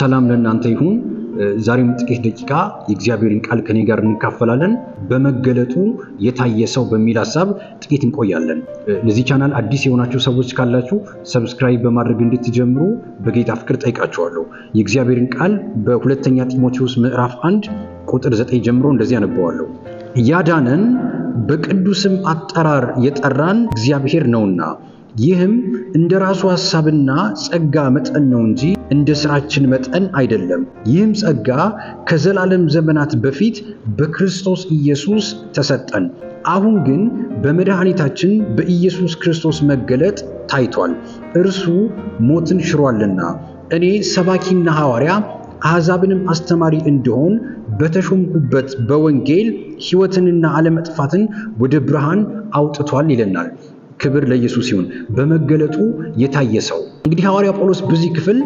ሰላም ለእናንተ ይሁን። ዛሬም ጥቂት ደቂቃ የእግዚአብሔርን ቃል ከኔ ጋር እንካፈላለን። በመገለጡ የታየ ሰው በሚል ሀሳብ ጥቂት እንቆያለን። ለዚህ ቻናል አዲስ የሆናችሁ ሰዎች ካላችሁ ሰብስክራይብ በማድረግ እንድትጀምሩ በጌታ ፍቅር ጠይቃችኋለሁ። የእግዚአብሔርን ቃል በሁለተኛ ጢሞቴዎስ ምዕራፍ አንድ ቁጥር 9 ጀምሮ እንደዚህ አነበዋለሁ ያዳነን በቅዱስም አጠራር የጠራን እግዚአብሔር ነውና ይህም እንደ ራሱ ሐሳብና ጸጋ መጠን ነው እንጂ እንደ ሥራችን መጠን አይደለም። ይህም ጸጋ ከዘላለም ዘመናት በፊት በክርስቶስ ኢየሱስ ተሰጠን፣ አሁን ግን በመድኃኒታችን በኢየሱስ ክርስቶስ መገለጥ ታይቷል። እርሱ ሞትን ሽሯልና እኔ ሰባኪና ሐዋርያ አሕዛብንም አስተማሪ እንድሆን በተሾምኩበት በወንጌል ሕይወትንና አለመጥፋትን ወደ ብርሃን አውጥቷል ይለናል። ክብር ለኢየሱስ ይሁን። በመገለጡ የታየ ሰው እንግዲህ ሐዋርያ ጳውሎስ በዚህ ክፍል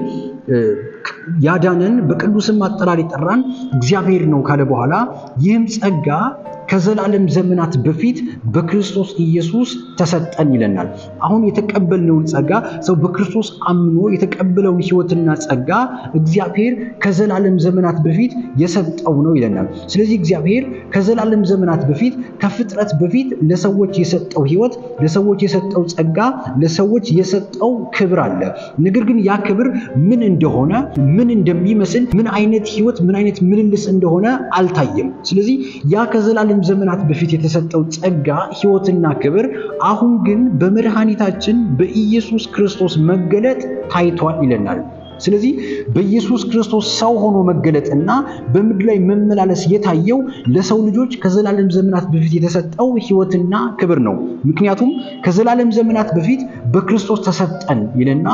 ያዳነን በቅዱስም አጠራር የጠራን እግዚአብሔር ነው ካለ በኋላ ይህም ጸጋ ከዘላለም ዘመናት በፊት በክርስቶስ ኢየሱስ ተሰጠን ይለናል። አሁን የተቀበልነውን ጸጋ ሰው በክርስቶስ አምኖ የተቀበለውን ሕይወትና ጸጋ እግዚአብሔር ከዘላለም ዘመናት በፊት የሰጠው ነው ይለናል። ስለዚህ እግዚአብሔር ከዘላለም ዘመናት በፊት ከፍጥረት በፊት ለሰዎች የሰጠው ሕይወት፣ ለሰዎች የሰጠው ጸጋ፣ ለሰዎች የሰጠው ክብር አለ። ነገር ግን ያ ክብር ምን እንደሆነ ምን እንደሚመስል ምን አይነት ህይወት ምን አይነት ምልልስ እንደሆነ አልታየም። ስለዚህ ያ ከዘላለም ዘመናት በፊት የተሰጠው ጸጋ ህይወትና ክብር አሁን ግን በመድኃኒታችን በኢየሱስ ክርስቶስ መገለጥ ታይቷል ይለናል። ስለዚህ በኢየሱስ ክርስቶስ ሰው ሆኖ መገለጥና በምድር ላይ መመላለስ የታየው ለሰው ልጆች ከዘላለም ዘመናት በፊት የተሰጠው ሕይወትና ክብር ነው። ምክንያቱም ከዘላለም ዘመናት በፊት በክርስቶስ ተሰጠን ይልና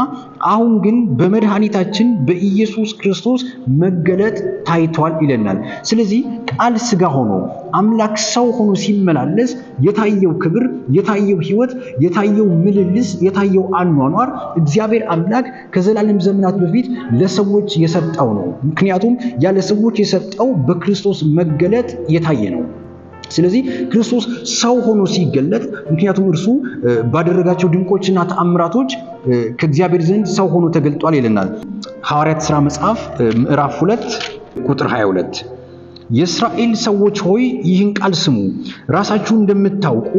አሁን ግን በመድኃኒታችን በኢየሱስ ክርስቶስ መገለጥ ታይቷል ይለናል። ስለዚህ ቃል ሥጋ ሆኖ አምላክ ሰው ሆኖ ሲመላለስ የታየው ክብር፣ የታየው ህይወት የታየው ምልልስ፣ የታየው አኗኗር እግዚአብሔር አምላክ ከዘላለም ዘመናት በፊት ለሰዎች የሰጠው ነው። ምክንያቱም ያለ ሰዎች የሰጠው በክርስቶስ መገለጥ የታየ ነው። ስለዚህ ክርስቶስ ሰው ሆኖ ሲገለጥ፣ ምክንያቱም እርሱ ባደረጋቸው ድንቆችና ተአምራቶች ከእግዚአብሔር ዘንድ ሰው ሆኖ ተገልጧል ይለናል ሐዋርያት ሥራ መጽሐፍ ምዕራፍ 2 ቁጥር 22 የእስራኤል ሰዎች ሆይ ይህን ቃል ስሙ። ራሳችሁ እንደምታውቁ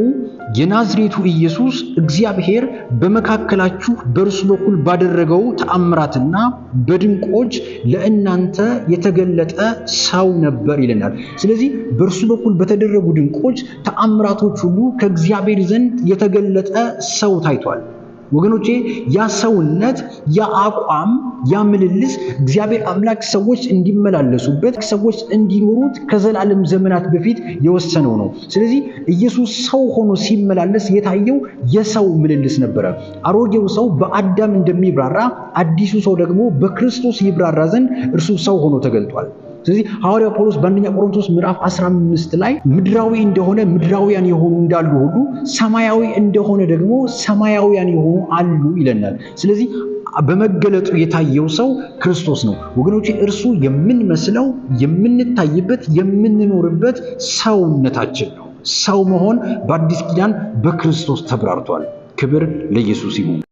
የናዝሬቱ ኢየሱስ እግዚአብሔር በመካከላችሁ በእርሱ በኩል ባደረገው ተአምራትና በድንቆች ለእናንተ የተገለጠ ሰው ነበር ይለናል። ስለዚህ በእርሱ በኩል በተደረጉ ድንቆች፣ ተአምራቶች ሁሉ ከእግዚአብሔር ዘንድ የተገለጠ ሰው ታይቷል። ወገኖቼ ያ ሰውነት፣ ያ አቋም፣ ያ ምልልስ እግዚአብሔር አምላክ ሰዎች እንዲመላለሱበት ሰዎች እንዲኖሩት ከዘላለም ዘመናት በፊት የወሰነው ነው። ስለዚህ ኢየሱስ ሰው ሆኖ ሲመላለስ የታየው የሰው ምልልስ ነበረ። አሮጌው ሰው በአዳም እንደሚብራራ፣ አዲሱ ሰው ደግሞ በክርስቶስ ይብራራ ዘንድ እርሱ ሰው ሆኖ ተገልጧል። ስለዚህ ሐዋርያው ጳውሎስ በአንደኛ ቆሮንቶስ ምዕራፍ 15 ላይ ምድራዊ እንደሆነ ምድራዊያን የሆኑ እንዳሉ ሁሉ ሰማያዊ እንደሆነ ደግሞ ሰማያዊያን የሆኑ አሉ ይለናል። ስለዚህ በመገለጡ የታየው ሰው ክርስቶስ ነው። ወገኖች እርሱ የምንመስለው የምንታይበት፣ የምንኖርበት ሰውነታችን ነው። ሰው መሆን በአዲስ ኪዳን በክርስቶስ ተብራርቷል። ክብር ለኢየሱስ ይሁን።